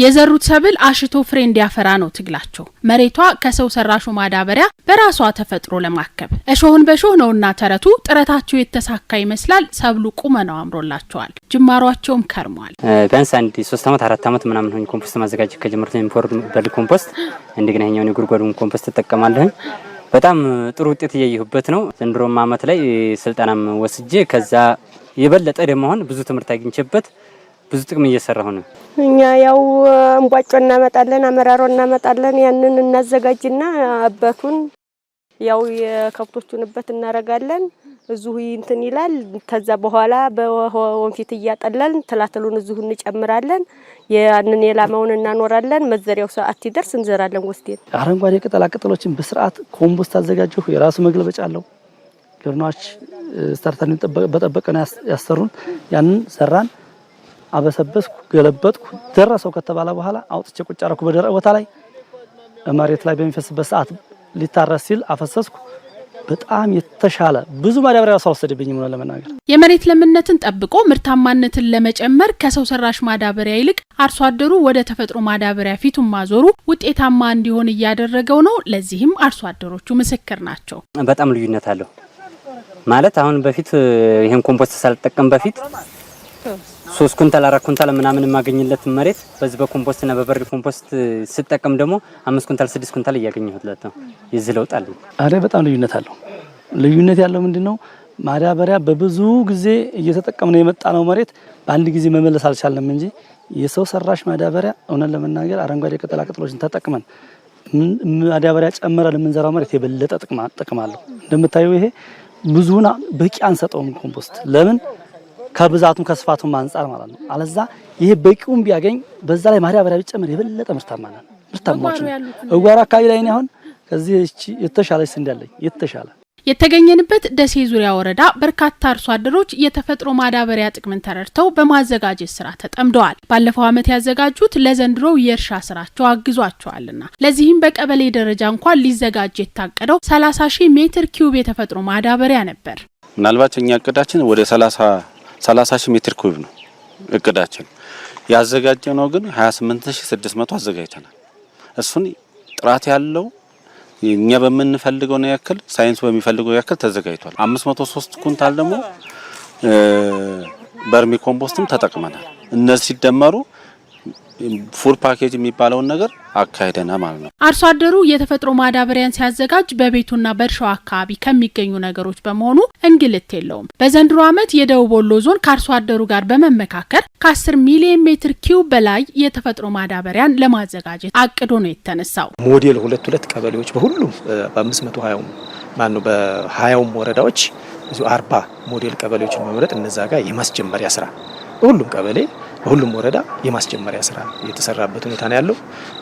የዘሩት ሰብል አሽቶ ፍሬ እንዲያፈራ ነው ትግላቸው። መሬቷ ከሰው ሰራሹ ማዳበሪያ በራሷ ተፈጥሮ ለማከብ እሾህን በሾህ ነውና ተረቱ። ጥረታቸው የተሳካ ይመስላል። ሰብሉ ቁመ ነው አምሮላቸዋል። ጅማሯቸውም ከርሟል። ቢያንስ አንድ ሶስት ዓመት አራት ዓመት ምናምን ሆኝ ኮምፖስት ማዘጋጀት ከጀመርኩ የሚወርድ በል ኮምፖስት እንደገና ኛውን የጉድጓዱን ኮምፖስት ትጠቀማለህ። በጣም ጥሩ ውጤት እያየሁበት ነው። ዘንድሮም አመት ላይ ስልጠናም ወስጄ ከዛ የበለጠ ደመሆን ብዙ ትምህርት አግኝቼበት ብዙ ጥቅም እየሰራሁ ነው። እኛ ያው እንቧጮ እናመጣለን፣ አመራሮ እናመጣለን። ያንን እናዘጋጅና እበቱን ያው የከብቶቹን እበት እናረጋለን። እዚሁ እንትን ይላል። ከዛ በኋላ በወንፊት እያጠላል ትላትሉን እዚሁ እንጨምራለን። ያንን የላማውን እናኖራለን። መዘሪያው ሰዓት ሲደርስ እንዘራለን። ወስደን አረንጓዴ ቅጠላ ቅጠሎችን በስርዓት ኮምፖስት አዘጋጀሁ። የራሱ መግለበጫ አለው። ግብርናዎች ስታርታን በጠበቀ ነው ያሰሩን። ያንን ሰራን። አበሰበስኩ፣ ገለበጥኩ፣ ደረሰው ከተባለ በኋላ አውጥቼ ቁጭ አደረኩ። በደረቅ ቦታ ላይ መሬት ላይ በሚፈስበት ሰዓት ሊታረስ ሲል አፈሰስኩ። በጣም የተሻለ ብዙ ማዳበሪያ ሳወሰድብኝ ሆነ ለመናገር የመሬት ለምነትን ጠብቆ ምርታማነትን ለመጨመር ከሰው ሰራሽ ማዳበሪያ ይልቅ አርሶ አደሩ ወደ ተፈጥሮ ማዳበሪያ ፊቱን ማዞሩ ውጤታማ እንዲሆን እያደረገው ነው። ለዚህም አርሶ አደሮቹ ምስክር ናቸው። በጣም ልዩነት አለው ማለት አሁን በፊት ይህን ኮምፖስት ሳልጠቀም በፊት ሶስት ኩንታል አራት ኩንታል ምናምን የማገኝለት መሬት በዚህ በኮምፖስት እና በበርድ ኮምፖስት ስጠቀም ደግሞ አምስት ኩንታል ስድስት ኩንታል ለት ነው። የዚህ ለውጥ አለ። አረ በጣም ልዩነት አለው። ልዩነት ያለው ምንድን ነው? ማዳበሪያ በብዙ ጊዜ እየተጠቀምነው የመጣ ነው መሬት በአንድ ጊዜ መመለስ አልቻለም እንጂ የሰው ሰራሽ ማዳበሪያ እውነት ለመናገር አረንጓዴ ቅጠላቅጠሎችን ተጠቅመን ማዳበሪያ ጨምረን የምንዘራው መሬት የበለጠ ጥቅም አለው። እንደምታየው ይሄ ብዙውን በቂ አንሰጠውም ኮምፖስት ለምን ከብዛቱም ከስፋቱም አንጻር ማለት ነው። አለዛ ይሄ በቂውም ቢያገኝ በዛ ላይ ማዳበሪያ ቢጨምር የበለጠ ምርታማ ነው። ምርታማዎች እጓሮ አካባቢ ላይ ነው አሁን ከዚህ እቺ የተሻለች ስንዴ አለኝ የተሻለ የተገኘንበት ደሴ ዙሪያ ወረዳ በርካታ አርሶ አደሮች የተፈጥሮ ማዳበሪያ ጥቅምን ተረድተው በማዘጋጀት ስራ ተጠምደዋል። ባለፈው ዓመት ያዘጋጁት ለዘንድሮው የእርሻ ስራቸው አግዟቸዋልና ለዚህም በቀበሌ ደረጃ እንኳን ሊዘጋጅ የታቀደው 30 ሺህ ሜትር ኪዩብ የተፈጥሮ ማዳበሪያ ነበር። ምናልባት እኛ እቅዳችን ወደ 30 30 ሺህ ሜትር ኩብ ነው እቅዳችን። ያዘጋጀ ነው ግን 28600 አዘጋጅተናል። እሱን ጥራት ያለው እኛ በምንፈልገው ነው ያክል ሳይንሱ በሚፈልገው ያክል ተዘጋጅቷል። 503 ኩንታል ደግሞ በርሚ ኮምፖስትም ተጠቅመናል። እነዚህ ሲደመሩ ፉል ፓኬጅ የሚባለውን ነገር አካሄደና ማለት ነው። አርሶ አደሩ የተፈጥሮ ማዳበሪያን ሲያዘጋጅ በቤቱና በእርሻው አካባቢ ከሚገኙ ነገሮች በመሆኑ እንግልት የለውም። በዘንድሮ ዓመት የደቡብ ወሎ ዞን ከአርሶ አደሩ ጋር በመመካከር ከ10 ሚሊዮን ሜትር ኪዩብ በላይ የተፈጥሮ ማዳበሪያን ለማዘጋጀት አቅዶ ነው የተነሳው። ሞዴል ሁለት ሁለት ቀበሌዎች በሁሉም በ520 ማነው በሀያውም ወረዳዎች እዚ አርባ ሞዴል ቀበሌዎችን በመምረጥ እነዛ ጋር የማስጀመሪያ ስራ በሁሉም ቀበሌ በሁሉም ወረዳ የማስጀመሪያ ስራ የተሰራበት ሁኔታ ነው ያለው።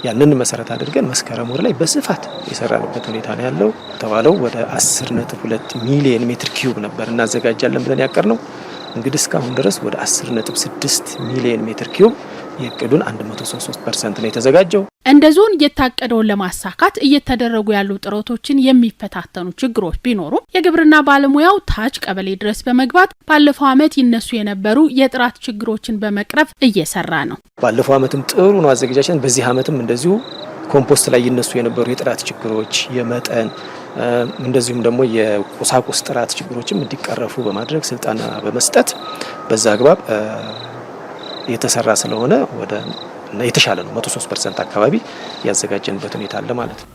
ያንን መሰረት አድርገን መስከረም ወር ላይ በስፋት የሰራንበት ሁኔታ ነው ያለው። ተባለው ወደ 10.2 ሚሊዮን ሜትር ኪዩብ ነበር እናዘጋጃለን ብለን ያቀር ነው እንግዲህ እስካሁን ድረስ ወደ 10.6 ሚሊዮን ሜትር ኪዩብ የእቅዱን 133 ፐርሰንት ነው የተዘጋጀው። እንደ ዞን እየታቀደውን ለማሳካት እየተደረጉ ያሉ ጥረቶችን የሚፈታተኑ ችግሮች ቢኖሩም የግብርና ባለሙያው ታች ቀበሌ ድረስ በመግባት ባለፈው ዓመት ይነሱ የነበሩ የጥራት ችግሮችን በመቅረፍ እየሰራ ነው። ባለፈው ዓመትም ጥሩ ነው አዘገጃጀት። በዚህ ዓመትም እንደዚሁ ኮምፖስት ላይ ይነሱ የነበሩ የጥራት ችግሮች የመጠን እንደዚሁም ደግሞ የቁሳቁስ ጥራት ችግሮችም እንዲቀረፉ በማድረግ ስልጠና በመስጠት በዛ አግባብ የተሰራ ስለሆነ ወደ የተሻለ ነው። 103 ፐርሰንት አካባቢ ያዘጋጀንበት ሁኔታ አለ ማለት ነው።